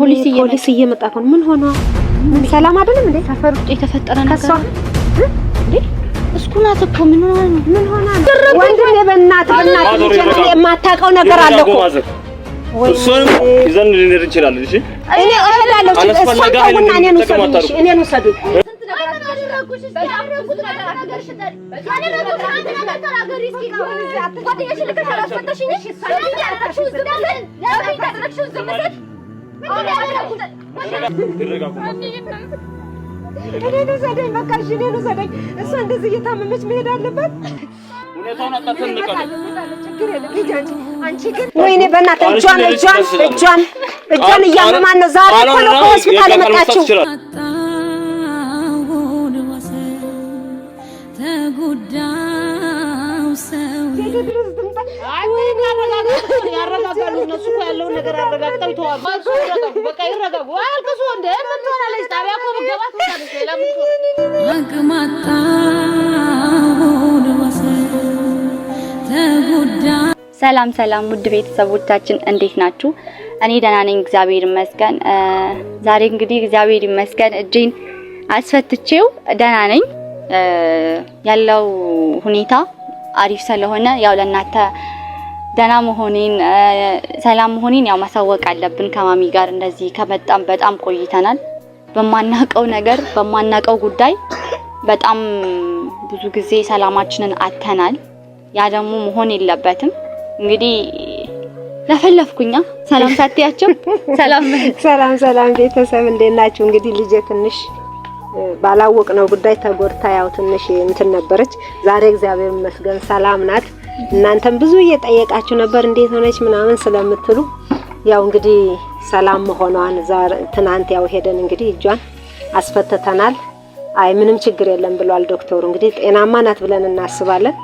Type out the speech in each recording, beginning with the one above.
ፖሊስ እየመጣ እኮ ነው። ምን ሆኖ ምን ሰላም አይደለም እንዴ? ሰፈር ውስጥ የተፈጠረ ነገር እንዴ? እስኩናት እኮ ምን ሆነ? ምን ሆነ? ወንድሜ በእናትህ በእናትህ የማታውቀው ነገር አለ እኮ እሱንም ይዘን ልንሄድ እንችላለን። እሺ እኔ እሄዳለሁ። እኔን ውሰዱ። እኔን ውሰዱ እኔን ውሰደኝ፣ በቃ እሺ፣ እኔን ውሰደኝ። እሷ እንደዚህ እየታመመች መሄድ አለባት። ወይኔ በእናትህ እጇን እጇን እጇን እጇን እያመማን ነው። ዛሬ እኮ ነው ከሆስፒታል የመጣችው። ወይኔ ተረጋጉ። አልቅሱ እንደ ምን ትሆናለች? ጣቢያ እኮ ብትገባ ሰላም ሰላም፣ ውድ ቤተሰቦቻችን እንዴት ናችሁ? እኔ ደህና ነኝ፣ እግዚአብሔር ይመስገን። ዛሬ እንግዲህ እግዚአብሔር ይመስገን እጄን አስፈትቼው ደህና ነኝ። ያለው ሁኔታ አሪፍ ስለሆነ ያው ለእናንተ ደህና መሆኔን ሰላም መሆኔን ያው ማሳወቅ አለብን። ከማሚ ጋር እንደዚህ ከመጣም በጣም ቆይተናል። በማናቀው ነገር በማናቀው ጉዳይ በጣም ብዙ ጊዜ ሰላማችንን አተናል። ያ ደግሞ መሆን የለበትም። እንግዲህ ለፈለፍኩኛ ሰላም ሳትያቸው ሰላም ሰላም ሰላም ቤተሰብ እንዴት ናችሁ? እንግዲህ ልጄ ትንሽ ባላወቅ ነው ጉዳይ ተጎድታ ያው ትንሽ እንትን ነበረች። ዛሬ እግዚአብሔር ይመስገን ሰላም ናት። እናንተም ብዙ እየጠየቃችሁ ነበር እንዴት ሆነች ምናምን ስለምትሉ ያው እንግዲህ ሰላም መሆኗን ትናንት ያው ሄደን እንግዲህ እጇን አስፈትተናል። አይ ምንም ችግር የለም ብሏል ዶክተሩ። እንግዲህ ጤናማ ናት ብለን እናስባለን።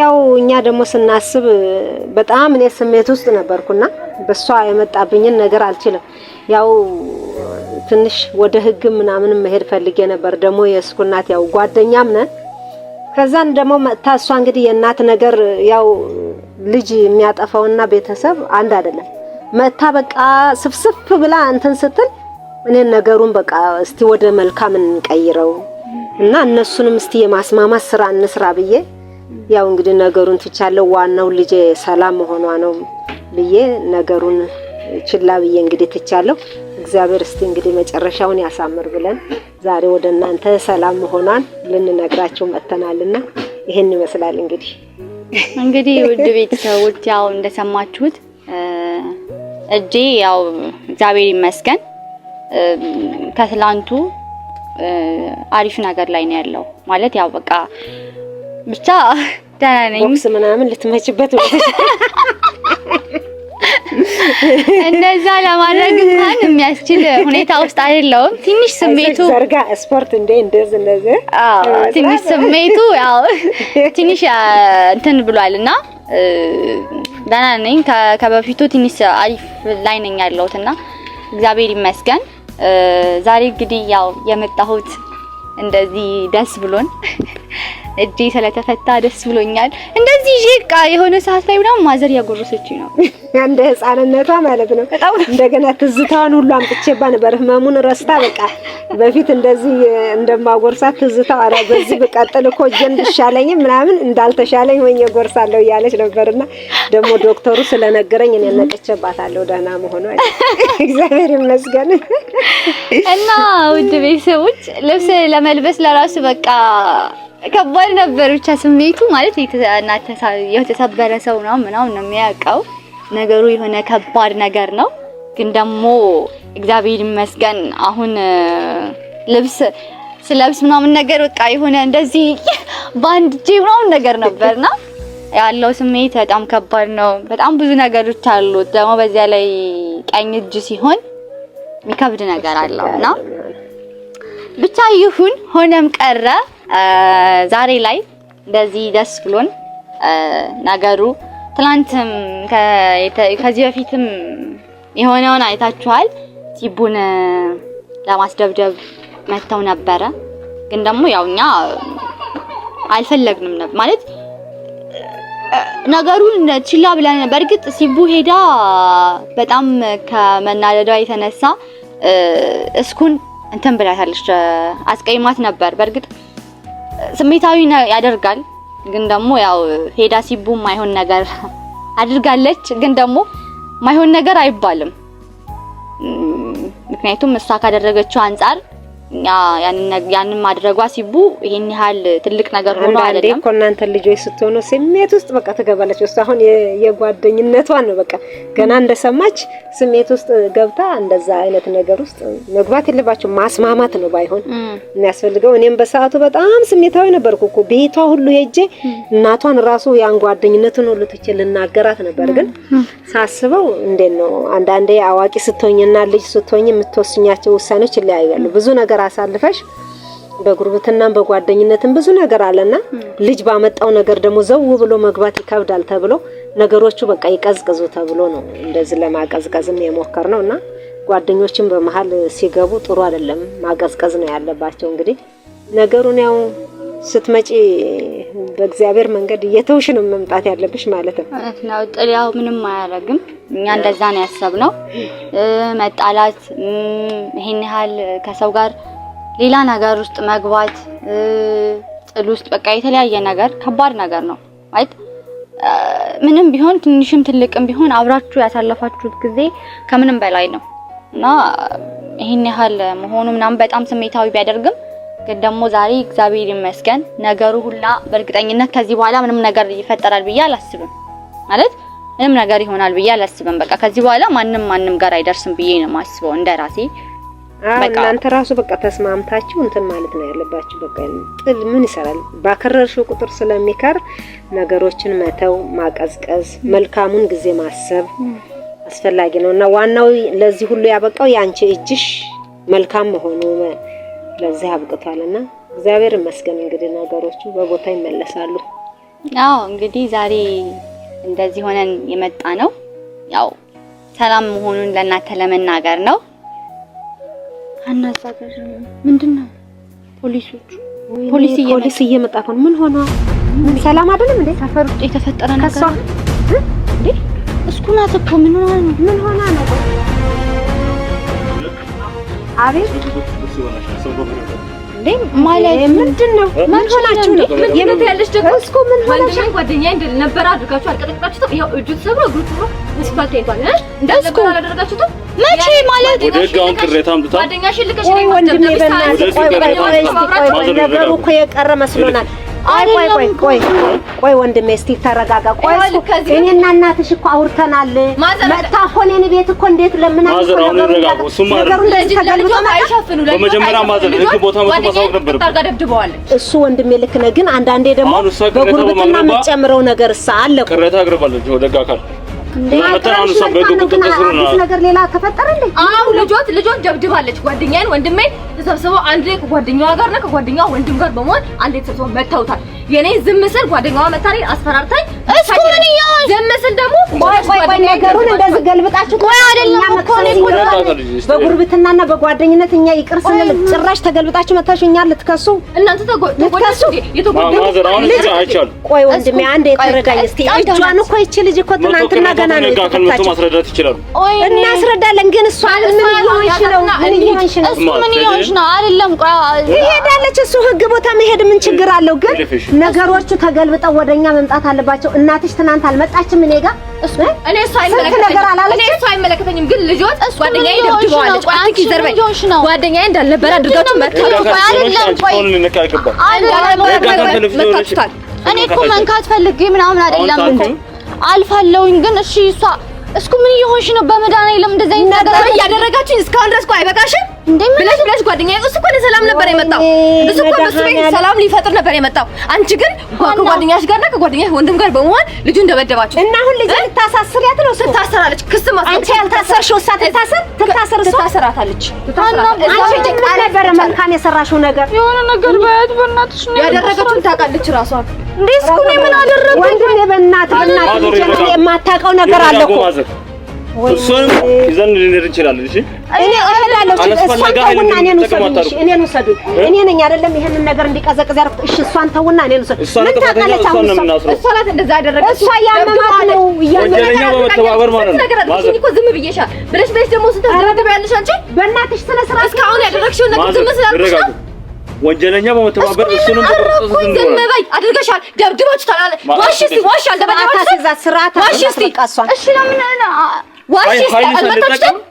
ያው እኛ ደግሞ ስናስብ በጣም እኔ ስሜት ውስጥ ነበርኩና በሷ የመጣብኝን ነገር አልችልም። ያው ትንሽ ወደ ህግ ምናምን መሄድ ፈልጌ ነበር። ደግሞ የእስኩ እናት ያው ጓደኛም ነን ከዛን ደግሞ መጥታ እሷ እንግዲህ የእናት ነገር ያው ልጅ የሚያጠፋውና ቤተሰብ አንድ አይደለም። መታ በቃ ስፍስፍ ብላ እንትን ስትል እኔን ነገሩን በቃ እስቲ ወደ መልካም እንቀይረው እና እነሱንም እስቲ የማስማማት ስራ እንስራ ብዬ ያው እንግዲህ ነገሩን ትቻለው። ዋናው ልጄ ሰላም መሆኗ ነው ብዬ ነገሩን ችላ ብዬ እንግዲህ ትቻለው። እግዚአብሔር እስቲ እንግዲህ መጨረሻውን ያሳምር ብለን ዛሬ ወደ እናንተ ሰላም መሆኗን ልንነግራችሁ መጥተናልና ይሄን ይመስላል እንግዲህ እንግዲህ ውድ ቤተሰቦች ያው እንደሰማችሁት እጄ ያው እግዚአብሔር ይመስገን ከትላንቱ አሪፍ ነገር ላይ ነው ያለው። ማለት ያው በቃ ብቻ ደህና ነኝ። ቦክስ ምናምን ልትመችበት እንደዛ ለማድረግ እንኳን የሚያስችል ሁኔታ ውስጥ አይደለውም። ትንሽ ስሜቱ ዘርጋ ስፖርት እንደ እንደዚህ እንደዚህ ትንሽ ስሜቱ ያው ትንሽ እንትን ብሏልና ደህና ነኝ። ከበፊቱ ትንሽ አሪፍ ላይ ነኝ ያለሁት እግዚአብሔር ይመስገን። ዛሬ እንግዲህ ያው የመጣሁት እንደዚህ ደስ ብሎን እጄ ስለተፈታ ደስ ብሎኛል። እንደዚህ ይዤ ዕቃ የሆነ ሰዓት ላይ ምናምን ማዘር ያጎረሰች ነው እንደ ህፃንነቷ ማለት ነው። በጣም እንደገና ትዝታውን ሁሉ አምጥቼባ ነበር። ህመሙን ረስታ በቃ በፊት እንደዚህ እንደማጎርሳት ትዝታው ኧረ በዚህ ብቀጥል እኮ እጄን ብሻለኝም ምናምን እንዳልተሻለኝ ሆኜ ጎርሳለሁ እያለች ነበርና ደግሞ ዶክተሩ ስለነገረኝ እኔ ነቅቼባታለሁ ደህና መሆኗ እግዚአብሔር ይመስገን። እና ውድ ቤተሰቦች ልብስ ለመልበስ ለራሱ በቃ ከባድ ነበር። ብቻ ስሜቱ ማለት የተሰበረ ሰው ነው ምናምን ነው የሚያውቀው ነገሩ የሆነ ከባድ ነገር ነው። ግን ደግሞ እግዚአብሔር ይመስገን አሁን ልብስ ስለብስ ምናምን ነገር በቃ የሆነ እንደዚህ በአንድ እጄ ምናምን ነገር ነበርና ያለው ስሜት በጣም ከባድ ነው። በጣም ብዙ ነገሮች አሉት። ደግሞ በዚያ ላይ ቀኝ እጅ ሲሆን የሚከብድ ነገር አለው እና ብቻ ይሁን ሆነም ቀረ ዛሬ ላይ እንደዚህ ደስ ብሎን ነገሩ ትላንትም ከዚህ በፊትም የሆነውን አይታችኋል። ቲቡን ለማስደብደብ መጥተው ነበረ። ግን ደግሞ ያው እኛ አልፈለግንም ነበር ማለት ነገሩን ችላ ብለን በእርግጥ ሲቡ ሄዳ በጣም ከመናደዷ የተነሳ እስኩን እንትን ብላታለች፣ አስቀይማት ነበር በእርግጥ ስሜታዊ ያደርጋል። ግን ደግሞ ያው ሄዳ ሲቡ ማይሆን ነገር አድርጋለች። ግን ደግሞ ማይሆን ነገር አይባልም። ምክንያቱም እሷ ካደረገችው አንጻር ያንን ማድረጓ ሲቡ ይሄን ያህል ትልቅ ነገር ሆኖ አይደለም እኮ እናንተ ልጆች ስትሆኑ ስሜት ውስጥ በቃ ትገባለች። እሱ አሁን የጓደኝነቷን ነው በቃ ገና እንደሰማች ስሜት ውስጥ ገብታ እንደዛ አይነት ነገር ውስጥ መግባት የለባቸው ማስማማት ነው ባይሆን የሚያስፈልገው። እኔም በሰዓቱ በጣም ስሜታዊ ነበርኩ እኮ ቤቷ ሁሉ ሄጄ እናቷን ራሱ ያን ጓደኝነቱን ሁሉ ትቼ ልናገራት ነበር። ግን ሳስበው እንዴት ነው አንዳንዴ አዋቂ ስትሆኝና ልጅ ስትሆኝ የምትወስኛቸው ውሳኔዎች ይለያያሉ ብዙ ነገር ነገር አሳልፈሽ በጉርብትናም በጓደኝነትም ብዙ ነገር አለና ልጅ ባመጣው ነገር ደግሞ ዘው ብሎ መግባት ይከብዳል ተብሎ ነገሮቹ በቃ ይቀዝቅዙ ተብሎ ነው እንደዚህ ለማቀዝቀዝም የሞከር ነው እና ጓደኞችን በመሀል ሲገቡ ጥሩ አይደለም፣ ማቀዝቀዝ ነው ያለባቸው። እንግዲህ ነገሩን ያው ስትመጪ በእግዚአብሔር መንገድ እየተውሽ ነው መምጣት ያለብሽ ማለት ነው። ነው ያው ምንም አያደርግም። እኛ እንደዛ ነው ያሰብነው። መጣላት፣ ይሄን ያህል ከሰው ጋር ሌላ ነገር ውስጥ መግባት፣ ጥል ውስጥ በቃ የተለያየ ነገር ከባድ ነገር ነው ማለት ምንም ቢሆን ትንሽም ትልቅም ቢሆን አብራችሁ ያሳለፋችሁት ጊዜ ከምንም በላይ ነው እና ይሄን ያህል መሆኑ ምናምን በጣም ስሜታዊ ቢያደርግም ግን ደግሞ ዛሬ እግዚአብሔር ይመስገን ነገሩ ሁላ በእርግጠኝነት ከዚህ በኋላ ምንም ነገር ይፈጠራል ብዬ አላስብም። ማለት ምንም ነገር ይሆናል ብዬ አላስብም። በቃ ከዚህ በኋላ ማንም ማንም ጋር አይደርስም ብዬ ነው የማስበው እንደ ራሴ። እናንተ ራሱ በቃ ተስማምታችሁ እንትን ማለት ነው ያለባችሁ። በቃ ጥል ምን ይሰራል? ባከረርሽው ቁጥር ስለሚከር ነገሮችን መተው፣ ማቀዝቀዝ፣ መልካሙን ጊዜ ማሰብ አስፈላጊ ነው እና ዋናው ለዚህ ሁሉ ያበቃው የአንቺ እጅሽ መልካም መሆኑ ለዚህ አብቅቷልና እግዚአብሔር ይመስገን። እንግዲህ ነገሮቹ በቦታ ይመለሳሉ። አዎ እንግዲህ ዛሬ እንደዚህ ሆነን የመጣ ነው ያው ሰላም መሆኑን ለእናንተ ለመናገር ነው። አናዛገር ምንድን ነው? ፖሊሶቹ ፖሊስ እየመጣ ነው። ምን ሆነ? ምን ሰላም አይደለም እንዴ? ሰፈር ውስጥ የተፈጠረ ነገር እንዴ? እስኩ ናት እኮ ምን ሆነ? ምን ሆነ ነው አቤት ማለት ምንድን ነው? ምን ሆናችሁ ነው? የምት ያለሽ ደግሞ እስኮ ምን ሆናችሁ ነው? ጓደኛዬ ነበር አድርጋችሁ አልቀጠቀጣችሁትም? ያው እጁ ተሰብሮ እግሩ ተሰብሮ ሆስፒታል ተይቷል። እሺ እንደዚህ እኮ መቼ ማለት ወደጋውን ቅሬታ አምጥታ ጓደኛሽን ልከሽ ነው ወንድሜ። በእናትህ ቆይ ቆይ ቆይ፣ ነገሩ እኮ የቀረ መስሎናል። አይ ቆይ ቆይ ቆይ ቆይ ወንድሜ እስቲ ተረጋጋ። ቆይ እኔና እናትሽ እኮ አውርተናል። መታ እኮ እኔን ቤት እኮ እንዴት እሱ ወንድሜ ልክ ነህ፣ ግን አንዳንዴ ደግሞ በጉርብትና የምትጨምረው ነገር አለ። ቅሬታ አቅርባለች ወደ ሕግ አካል ነገር ሌላ ተፈጠረ እንዴ? አዎ ልጆት ልጆት ደብድባለች። ጓደኛዬን ወንድሜ ተሰብስበው አንድ ላይ ከጓደኛዋ ጋር ነው ከጓደኛዋ ወንድም ጋር በመሆን አንድ ላይ ተሰብስበው መታውታል። የኔ ዝም ስል ጓደኛዋ መታሪ አስፈራርታኝ፣ እስኩ ምን ይያል ዝም ስል ደግሞ ቆይ ቆይ ቆይ ነገሩን እንደዚህ ገልብጣችሁ ቆይ አይደለም እኮ በጉርብትናና በጓደኝነት እኛ ይቅር ስንል ጭራሽ ተገልብጣችሁ መታችሁ እኛ ልትከሱ እናንተ ተጎድተሱ የተጎደሉ ልጅ ቆይ ወንድሜ አንድ የተረጋኝ እስቲ እጇን እኮ ይቺ ልጅ እኮ ትናንትና ገና ነው ማስረዳት ይችላሉ። እናስረዳለን፣ ግን እሱ ምን እየሆንሽ ነው? ምን እየሆንሽ ነው? አይደለም ትሄዳለች። እሱ ህግ ቦታ መሄድ ምን ችግር አለው? ግን ነገሮቹ ተገልብጠው ወደኛ መምጣት አለባቸው። እናትሽ ትናንት አልመጣችም እኔ ጋር እኔ እኮ መንካት ፈልጌ ምናምን አይደለም አልፋለሁኝ። ግን እሺ እሷ እስኩ ምን እየሆንሽ ነው? በመድኃኒዓለም እንደዚህ አይነት ነገር እያደረጋችሁኝ እስካሁን ድረስ እኮ አይበቃሽም እንዴ? ብለሽ ብለሽ ጓደኛዬ፣ እሱ እኮ ለሰላም ነበር የመጣው። እሱ እኮ በሱ ቤት ሰላም ሊፈጥር ነበር የመጣው። አንቺ ግን ከጓደኛሽ ጋር እና ከጓደኛሽ ወንድም ጋር በመሆን ልጁ እንደበደባችሁ እና አሁን ልጅ ልታሳስሪያት ነው። ስታሰራለች፣ ክስ ማስ አንቺ ያልታሰርሽው እሷ ትታሰር ትታሰር፣ እሷ ትታሰራታለች። አንቺ ቃል ነበር መልካም የሰራሽው ነገር የሆነ ነገር ባያት በእናትሽ ነው ያደረገችውን ታውቃለች ራሷን እንዴ እስኩኔ ምን አደረኩ? ወንድሜ በእናትህ በእናትህ ልጄ የማታውቀው ነገር አለ እኮ እሱንም ይዘን ልንሄድ እንችላለን። እሺ እኔ እላለሁ፣ እሷን ተውና እኔን ውሰዱኝ። እኔ ነኝ አይደለም ይሄንን ነገር እንዲቀዘቅዝ ያደረኩት። እሺ እሷን ተውና እኔን ውሰዱኝ። ምን ታውቃለች? አሁን እሷ ናት እንደዛ ያደረገች። እሷ እያመማት ነው በመተባበር ማለት ነው። እኮ ዝም ብዬሻ ብለሽ ብለሽ ደግሞ ስታስተዳድር ያለሽ አንቺ። በእናትሽ ስነ ስርዓት እስካሁን ያደረግሽውን ነገር ዝም ስላልኩሽ ነው ወንጀለኛ በመተባበር እሱንም ዝም አድርገሻል። ደብድባችኋል። ዋሽ እስቲ ዋሽ። ዋሽ ዋሽ እሺ ለምን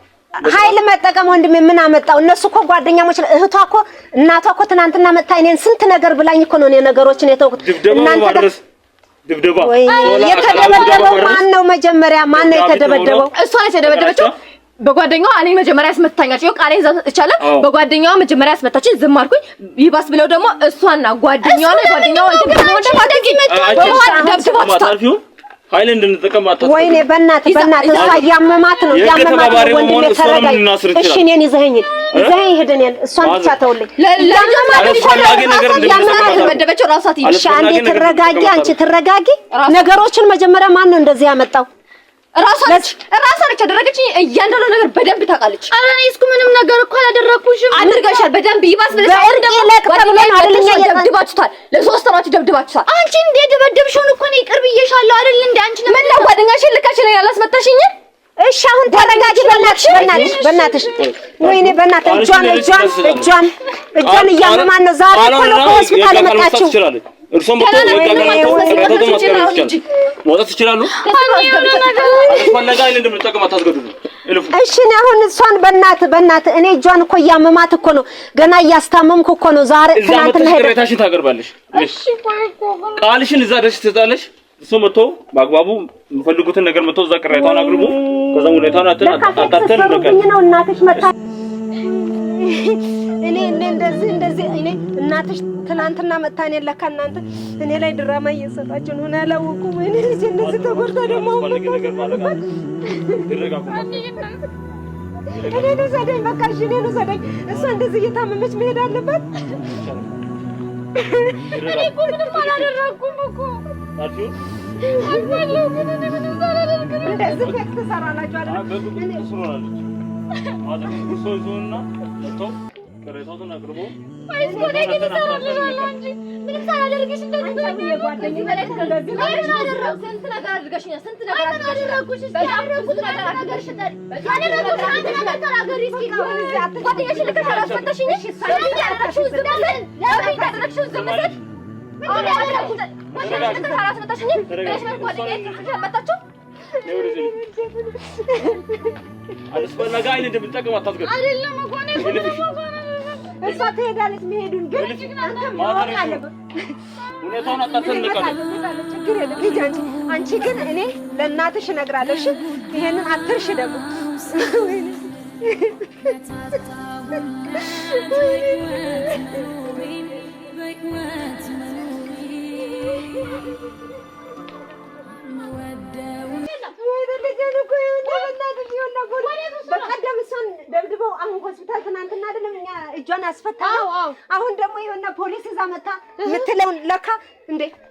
ኃይል መጠቀም ወንድሜ ምን አመጣው? እነሱ እኮ ጓደኛሞች። እህቷ እኮ እናቷ እኮ ትናንትና መታ እኔን ስንት ነገር ብላኝ እኮ ነው ነገሮችን የተውኩት። እናንተ ድብደባ የተደበደበው ማን ነው? መጀመሪያ ማን ነው የተደበደበው? እሷ የተደበደበችው በጓደኛዋ እኔ መጀመሪያ ያስመታኛች ይኸው ቃሌን ይቻላል። በጓደኛዋ መጀመሪያ ያስመታችኝ ዝም አልኩኝ። ይባስ ብለው ደግሞ እሷና ጓደኛዋ ላይ ጓደኛዋ እንትን ደግሞ ኃይል እንድንጠቀም አጣጣ ወይኔ፣ በእናትህ በእናትህ እሷ እያመማት ነው እያመማት ነው። ወንድሜ ተረጋኝ፣ እሺ። እኔን ይዘኸኝ ይዘኸኝ ሂድ። እኔን እሷን ብቻ ተውልኝ። እሺ፣ አንዴ ትረጋጊ፣ አንቺ ትረጋጊ። ነገሮችን መጀመሪያ ማን ነው እንደዚህ ያመጣው? ራሷ ነች ያደረገችኝ። እያንዳንዱ ነገር በደንብ ታውቃለች። ኧረ እኔ እስኩ ምንም ነገር እኮ አላደረኩሽም። አድርገሻል በደንብ ይባስ ብለሻል። ደብድባችሁታል፣ ለሶስት ወራት ደብድባችሁታል። አንቺ እንዴ ደበደብሽውን እኮ ነው ይቅርብ ብዬሻለሁ አይደል? እንዴ አንቺ ነው ምን ጓደኛሽን ልካሽ ነው ያላስመታሽኝ። እሺ አሁን ተረጋጊ፣ በእናትሽ በእናትሽ በእናትሽ፣ ወይኔ በእናትህ እጇን እጇን እጇን እያመማን ነው። ዛሬ እኮ ነው ከሆስፒታል የመጣችው እርሷም ብትሆን መውጣት ይችላሉ። እሺ እኔ አሁን እሷን በእናትህ በእናትህ እኔ እጇን እኮ እያመማት እኮ ነው፣ ገና እያስታመምኩ እኮ ነው። ዛሬ ትናንትና ሄደህ ቅሬታሽን ታቀርባለሽ፣ ቃልሽን እዛ ደስ ትሰጣለሽ። እሱ መጥቶ በአግባቡ የምፈልጉትን ነገር መጥቶ እዛ ቅሬታውን አቅርቡ። ከዛ ሁኔታውን አታተን ነው እናትሽ መጣ እኔ እንደዚህ እንደዚህ እኔ እናትሽ ትናንትና መታኔ እኔን ለካ እናንተ እኔ ላይ ድራማ እየሰራችሁ ነው። እኔ አላወኩም። እኔ እንደዚህ ተጎድታ ደግሞ እኔን ውሰደኝ፣ በቃ እሺ፣ እኔን ውሰደኝ። እሷ እንደዚህ እየታመመች መሄድ አለባት። እኔ እኮ ምንም አላደረኩም እኮ እንደዚህ ፌክ ትሰራላችሁ አይደል? አስፈላጊ አይነት እንደምንጠቀም አታስገ አይደለም እኮ ነው እሷ ትሄዳለች። መሄዱን ግን ማወቅ አለበት። ችግር የለም ሂጂ አንቺ። አንቺ ግን እኔ ለእናትሽ እነግራለሁ። እሺ ይሄንን አትርሽ ደግሞ በቀደም እሷን ደብድበው አሁን ሆስፒታል ትናንትና አይደለም እኛ እጇን አሁን ደግሞ ፖሊስ እዛ መታ የምትለውን ለካ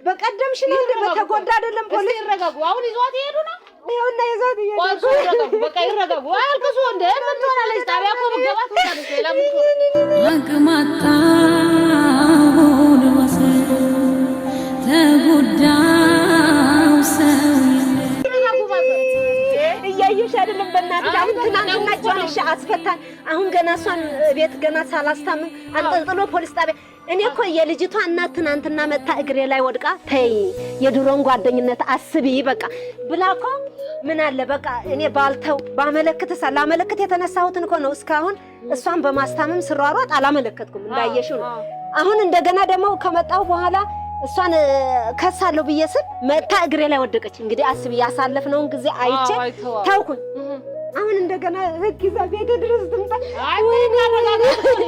በቀደም እንደ በተጎዳ አይደለም ፖሊስ ይረጋጉ። አሁን ይዟት ይሄዱ ነው ይኸውና ይረጋጉ። ጣቢያ እኮ ተጎዳ እያየሽ አይደለም። በእናትሽ አሁን ትናንትና ጨርሽ አስፈታን። አሁን ገና እሷን ቤት ገና ሳላስታምን አንጠልጥሎ ፖሊስ ጣቢያ። እኔ እኮ የልጅቷ እናት ትናንትና መታ እግሬ ላይ ወድቃ ተይ የድሮን ጓደኝነት አስቢ በቃ ብላ እኮ ምን አለ በቃ እኔ ባልተው ባመለክትሳ ላመለክት የተነሳሁትን እኮ ነው። እስካሁን እሷን በማስታመም ስሯሯጥ አላመለከትኩም። እንዳየሽው ነው። አሁን እንደገና ደግሞ ከመጣሁ በኋላ እሷን ከሳለሁ ብዬ ስል መታ እግሬ ላይ ወደቀች። እንግዲህ አስብ ያሳለፍነውን ጊዜ አይቼ ታውኩኝ። አሁን እንደገና ህግ ይዛ ቤቴ ድረስ ትምጣ።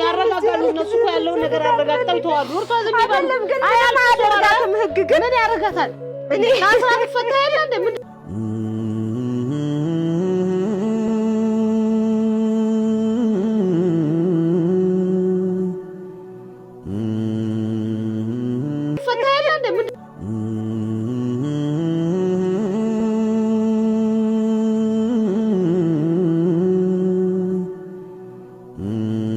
ያረጋጋሉ እነሱ እኮ ያለውን ነገር ያረጋግጠው ይተዋሉ። እርሷ ዝም ይባሉ አይደለም። ግን ህግ ግን ምን ያረጋታል? እኔ ከአስራ ልፈታ ያለ እንደ Mm.